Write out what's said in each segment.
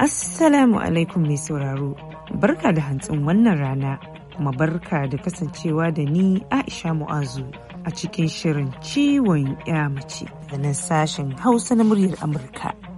Assalamu alaikum mai sauraro, barka da hantsin wannan rana, kuma barka da kasancewa da ni Aisha Mu'azu a cikin shirin ciwon ya mace da sashen Hausa na muryar Amurka.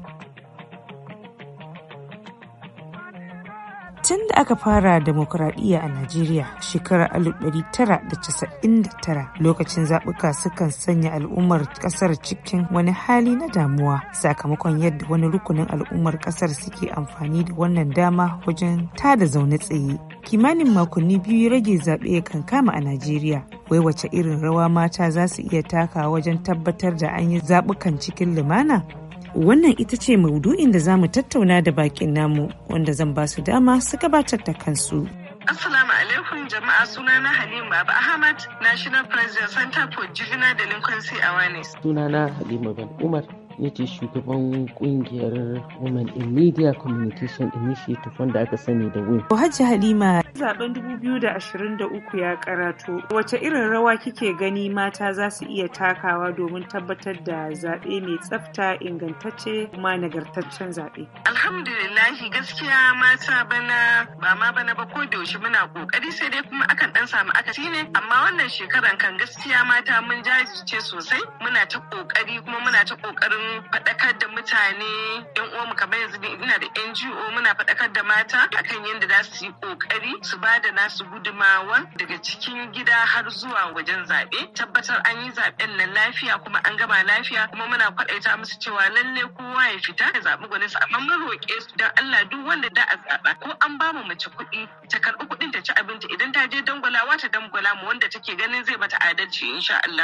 da aka fara demokuraɗiyya a Najeriya shekarar 1999 lokacin zaɓuka sukan sanya al'ummar ƙasar cikin wani hali na damuwa sakamakon yadda wani rukunin al'ummar ƙasar suke amfani da wannan dama wajen tada zaune tsaye. Kimanin makonni biyu rage zaɓe kan kama a Najeriya wai wace irin rawa mata za su iya takawa wajen tabbatar da an yi zaɓukan cikin lumana? Wannan ita ce maudu'in da za mu tattauna da bakin namu wanda zan ba su dama su gabatar da kansu. Assalamu alaikum jama'a sunana Halima Baba Ahmad National President Center for Juvenile Delinquency Awareness. Sunana Halima Ban Umar ya ce shugaban kungiyar women in media communication initiative wanda aka sani da win hajji halima zaben 2023 ya karato wace irin rawa kike gani mata za su iya takawa domin tabbatar da zaɓe mai tsafta ingantacce kuma nagartaccen zaɓe alhamdulillahi gaskiya mata bana ba ma bana ba ko da yaushe muna kokari sai dai kuma akan dan samu akasi ne amma wannan shekaran kan gaskiya mata mun jajirce sosai muna ta kokari kuma muna ta kokarin wajen faɗakar da mutane yan uwanmu kamar yanzu ina da NGO muna faɗakar da mata akan yadda za su yi ƙoƙari su ba da nasu gudumawa daga cikin gida har zuwa wajen zaɓe tabbatar an yi zaɓen nan lafiya kuma an gama lafiya kuma muna kwaɗaita musu cewa lalle kowa ya fita ya zaɓi su amma mun roƙe su don Allah duk wanda da a zaɓa ko an ba mu mace kuɗi ta karɓi kuɗin ta ci abinci idan ta je dangwala, wata dangwala mu wanda take ganin zai mata adalci insha Allah.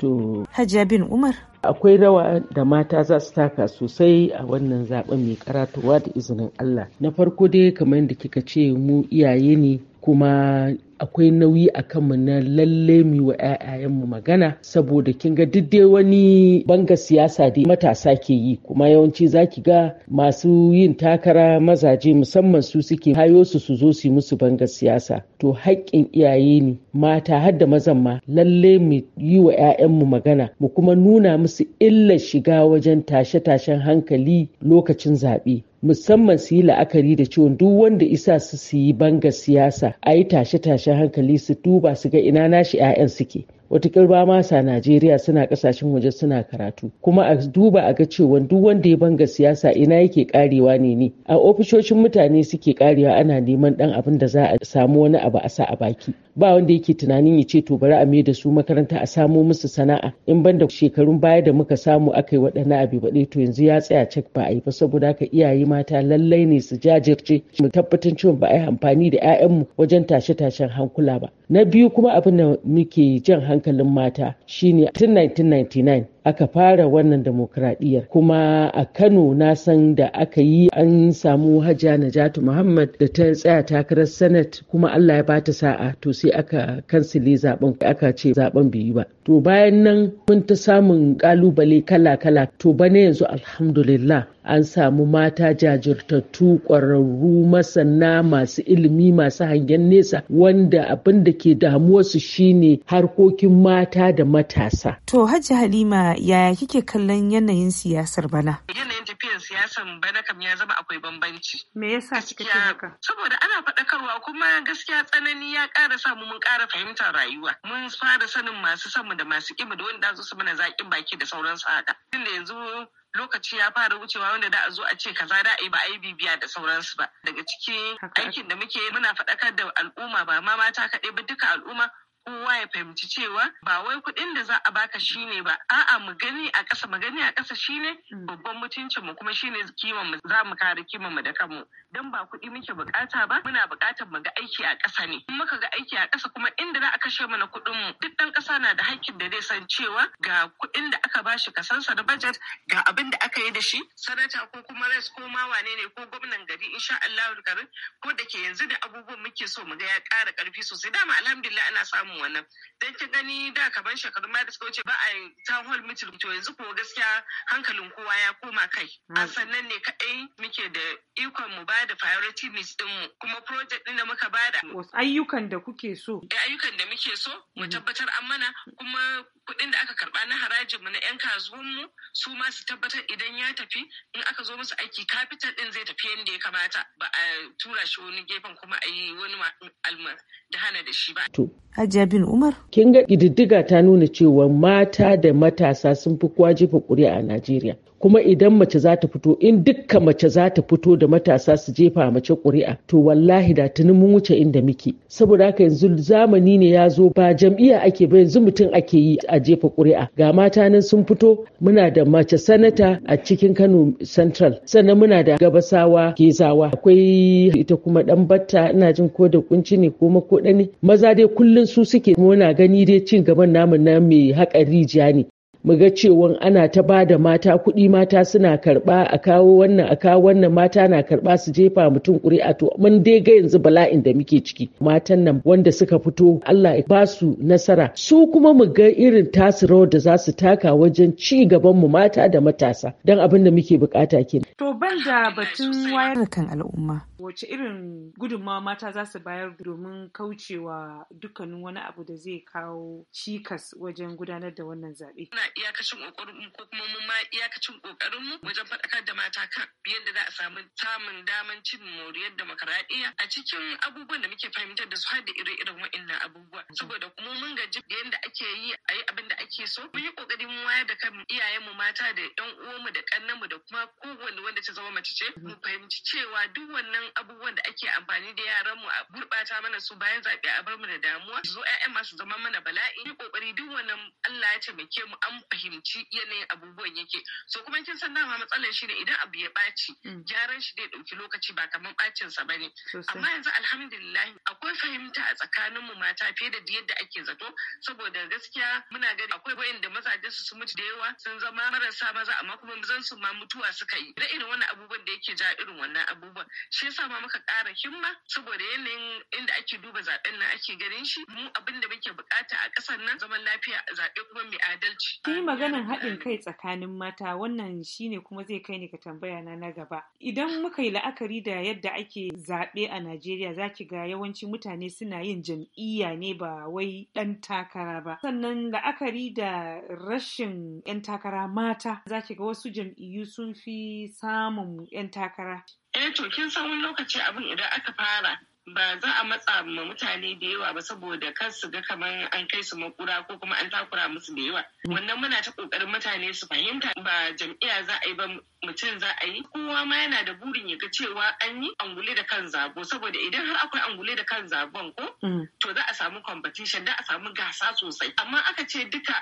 To Hajiya bin Umar akwai rawa da mata za su taka sosai a wannan zaben mai karatowa da izinin Allah na farko dai kamar da kika ce mu iyaye ne kuma akwai nauyi a kanmu na lalle mu wa 'ya'yayenmu magana saboda kin ga duk dai wani banga siyasa da matasa ke yi kuma yawanci za ki ga masu yin takara mazaje musamman su suke hayo su su zo su yi musu banga siyasa to haƙƙin iyaye ne mata har da mazan ma lalle mu yi wa 'ya'yanmu magana mu kuma nuna musu illar shiga wajen tashe-tashen hankali lokacin zaɓe musamman su yi la'akari da ciwon duk wanda isa su su yi banga siyasa a yi tashe-tashen hankali su duba su ga ina nashi 'ya'yan suke watakil ba masa najeriya suna kasashen waje suna karatu kuma a duba a ga cewa duk wanda ya banga siyasa ina yake karewa ne ne a ofishoshin mutane suke karewa ana neman dan abin da za a samu wani abu a sa a baki ba wanda yake tunanin ya ce to bari a mai da su makaranta a samo musu sana'a in banda shekarun baya da muka samu aka yi waɗannan abu ba to yanzu ya tsaya cek ba a yi ba saboda haka iyaye mata lallai ne su jajirce mu tabbatar cewa ba a yi amfani da 'ya'yanmu wajen tashe-tashen hankula ba na biyu kuma abin da muke jan hankali hankalin mata shine tun 1999 aka fara wannan demokradiyyar kuma a kano na san da aka yi an samu hajja najatu muhammad da ta tsaya takarar senate kuma allah ya bata sa'a to sai aka kansile zaben aka ce zaben bai yi ba to bayan nan mun ta samun kalubale kala-kala to bane yanzu alhamdulillah an samu mata jajirtattu ƙwararru masana masu ilimi masu hangen nesa wanda abin da ke damuwarsu shine harkokin mata da matasa to hajji halima yaya kike kallon yanayin siyasar bana? Yanayin tafiyar siyasar bana kam ya zama akwai bambanci. Me yasa kika haka? Saboda ana faɗakarwa kuma gaskiya tsanani ya ƙara sa mu mun ƙara fahimtar rayuwa. Mun fara sanin masu sanmu da masu ƙima da wanda za mana zaƙin baki da sauransu tun da yanzu lokaci ya fara wucewa wanda da a zo a ce kaza da a yi ba a yi bibiya da sauransu ba daga cikin aikin da muke muna faɗakar da al'umma ba ma mata kaɗai ba duka al'umma kowa ya fahimci cewa ba wai kuɗin da za a baka shine ba a'a mu gani a ƙasa mu gani a ƙasa shine hmm. babban mutuncin mu kuma shine kiman mu za mu kare kiman mu da kanmu dan ba kuɗi muke bukata ba muna bukatar mu ga aiki a ƙasa ne kuma muka ga aiki a ƙasa kuma inda za a kashe mana kuɗin mu duk ɗan ƙasa na da hakkin da zai san cewa ga kuɗin da aka bashi kasansa na budget ga abin da aka yi da shi sanata ko kuma res ko ma wane ne ko gwamnan gari insha Allah karin ko da ke yanzu da abubuwan muke so mu ga ya ƙara ƙarfi sosai dama alhamdulillah ana samu samun wannan dan ki gani da ban shekaru ma da suka wuce ba a yi town hall meeting to yanzu ko gaskiya hankalin kowa ya koma kai mm. a sannan ne kaɗai muke da ikon mu ba da priority list din mu kuma project din da muka ba da ayyukan da kuke so ayyukan da muke so mu mm. tabbatar an mana kuma kuɗin da aka karba na harajin mu na yan kasuwan mu su ma su tabbatar idan ya tafi in aka zo musu aiki capital din zai tafi yadda ya kamata ba a tura shi wani gefen kuma a yi wani alma da hana da shi ba. Hajiya bin Umar. Kin ga ƙididdiga ta nuna cewa mata da matasa sun fi kowa jefa ƙuri'a a Najeriya. kuma idan mace za ta fito in dukka mace za ta fito da matasa su jefa mace ƙuri'a to wallahi da tuni mun wuce inda muke saboda haka yanzu zamani ne ya zo ba jam'iyya ake ba yanzu mutum ake yi a jefa ƙuri'a ga mata nan sun fito muna da mace sanata a cikin Kano Central sannan muna da gabasawa Gezawa. akwai ita kuma dan batta ina jin ko da kunci ne ko mako ne maza dai kullun su suke muna gani dai cin gaban namu na mai haƙa rijiya ne mu ga cewan ana ta ba da mata kuɗi mata suna karɓa a kawo wannan a kawo wannan mata na karɓa su jefa mutum ƙuri'a to mun dai ga yanzu bala'in da muke ciki matan nan wanda suka fito Allah ya ba nasara su kuma mu ga irin tasu rawar da za su taka wajen ci gaban mu mata da matasa don abin da muke bukata kenan. To ban da batun wayar kan al'umma. Wace irin gudunmawa mata za su bayar domin kaucewa dukkanin wani abu da zai kawo cikas wajen gudanar da wannan zaɓe? iyakacin kokarin mu ko kuma mun ma iyakacin kokarin mu wajen faɗakar da mata kan yadda za a samu samun daman cin moriyar demokaradiyya a cikin abubuwan da muke fahimtar da su har da ire-iren wa'annan abubuwa saboda kuma mun gaji da yadda ake yi a yi abin da ake so mun yi kokari mu wayar da kan iyayen mu mata da yan uwanmu da mu da kuma kowanne wanda ta zama mace ce mu fahimci cewa duk wannan abubuwan da ake amfani da yaran mu a gurɓata mana su bayan zaɓe a bar mu da damuwa su zo 'ya'yan masu zama mana bala'i yi kokari duk wannan Allah ya taimake mu an fahimci yanayin abubuwan yake so kuma kin san dama matsalar shi ne idan abu ya ɓaci mm. gyaran shi zai ɗauki lokaci ba kamar ɓacin sa bane amma yanzu alhamdulillah akwai fahimta a tsakanin mu mata fiye da yadda ake zato saboda gaskiya muna gani akwai wayanda mazaje su mutu da yawa sun zama marasa maza amma kuma mazan su ma mutuwa suka yi da irin wannan abubuwan da yake ja irin wannan abubuwan shi yasa ma muka ƙara himma saboda yanayin inda ake duba zaben nan ake ganin shi mu abin da muke bukata a ƙasar nan zaman lafiya zaɓe kuma mai adalci. Ki maganin haɗin kai tsakanin mata wannan shine kuma zai kai ni ka tambaya na na gaba. Idan muka yi la'akari da yadda ake zaɓe a Najeriya za ki ga yawanci mutane suna yin jam'iyya ne ba wai ɗan takara ba. Sannan la'akari da rashin 'yan takara mata za ki ga wasu jam'iyyu sun fi samun 'yan takara. Eh to kin san wani lokaci abin idan aka fara ba za a matsa ma mutane da yawa ba saboda kan su ga kamar an kai su makura ko kuma an takura musu da yawa mm. wannan muna ta kokarin mutane su fahimta ba jam'iyya za a yi ba mutum za a yi kowa ma yana da burin ya ga cewa an yi angule da kan zabo saboda idan har akwai angule da kan zabon ko mm. to za a samu competition da a samu gasa sosai amma aka ce duka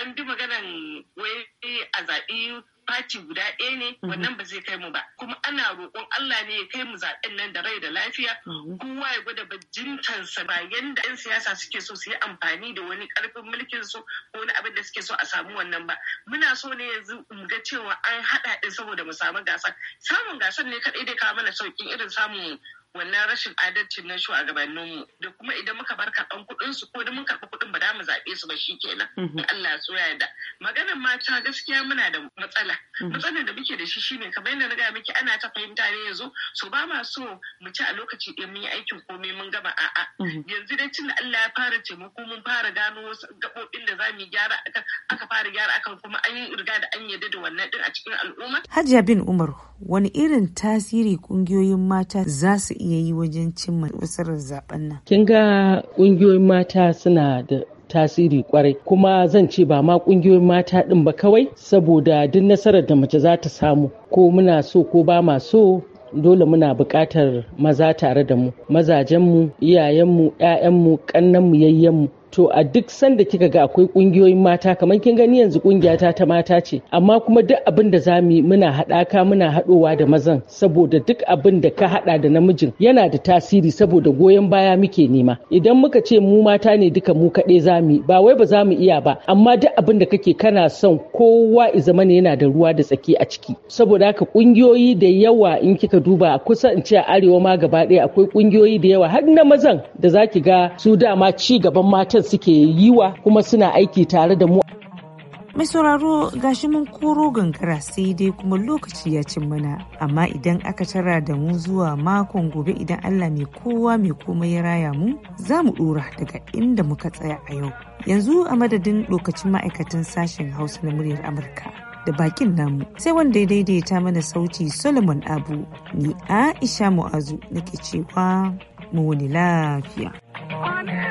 an bi maganan wai a zaɓi fati guda ɗaya ne mhm. wannan ba zai kai mu ba kuma ana roƙon Allah ne ya kai mu zaɓen nan da rai da lafiya mhm. kowa ya gwada bajintansa ba yanda 'yan siyasa suke so su yi amfani da wani ƙarfin mulkin su ko wani abin da suke so a samu wannan ba muna so ne yanzu mu ga cewa an haɗa ɗin saboda mu samu gasar samun gasar ne kaɗai dai kawo mana sauƙin irin samun wannan rashin adalci na shugabanninmu da kuma idan muka bar karɓan kuɗin su ko mun karɓi kuɗin ba za mu zaɓe su ba shikenan in mhm. Allah so ya da maganar mata gaskiya muna da matsala mhm. matsalar da muke da shi shine kamar yadda na ga miki ana ta fahimta ne yanzu so ba ma so mu ci a lokaci ɗaya mun yi aikin komai mun gama a'a mhm. yanzu dai tun Allah ya fara taimako mun fara gano wasu gaɓoɓin da za mu gyara aka fara gyara akan kuma an yi riga da an yarda da wannan ɗin a cikin al'umma Hajiya bin Umar wani irin tasiri kungiyoyin mata za su iya yi wajen cimma nasarar zaɓen nan kin ga ƙungiyoyin mata suna da tasiri kwarai kuma zan ce ba ma ƙungiyoyin mata ɗin ba kawai saboda duk nasarar da mace za ta samu ko muna so ko ba ma so dole muna buƙatar maza tare da mu mazajenmu iyayenmu 'ya'yanmu ƙannenmu yayyenmu to a duk sanda kika ga akwai kungiyoyin mata kamar kin gani yanzu kungiyata ta mata ce amma kuma duk abin da za mu muna haɗaka muna haɗowa da mazan saboda duk abin da ka haɗa da namijin yana da tasiri saboda goyon baya muke nema idan muka ce mu mata ne duka mu kaɗai za mu ba wai ba za mu iya ba amma duk abin da kake kana son kowa i zama ne yana da ruwa da tsaki a ciki saboda haka kungiyoyi da yawa in kika duba kusa in ce a arewa ma gaba ɗaya akwai kungiyoyi da yawa har na mazan da zaki ga su dama ci gaban matan suke yi wa kuma suna aiki tare da mu mai sauraro gashi mun koro gangara sai dai kuma lokaci ya cin mana amma idan aka tara da mu zuwa makon gobe idan allah mai kowa mai komai ya raya mu za mu dora daga inda muka tsaya a yau yanzu a madadin lokacin ma'aikatan sashen hausa na muryar amurka da bakin namu sai wanda ya daidaita mana sauti solomon abu ni aisha mu'azu nake cewa mu wani lafiya.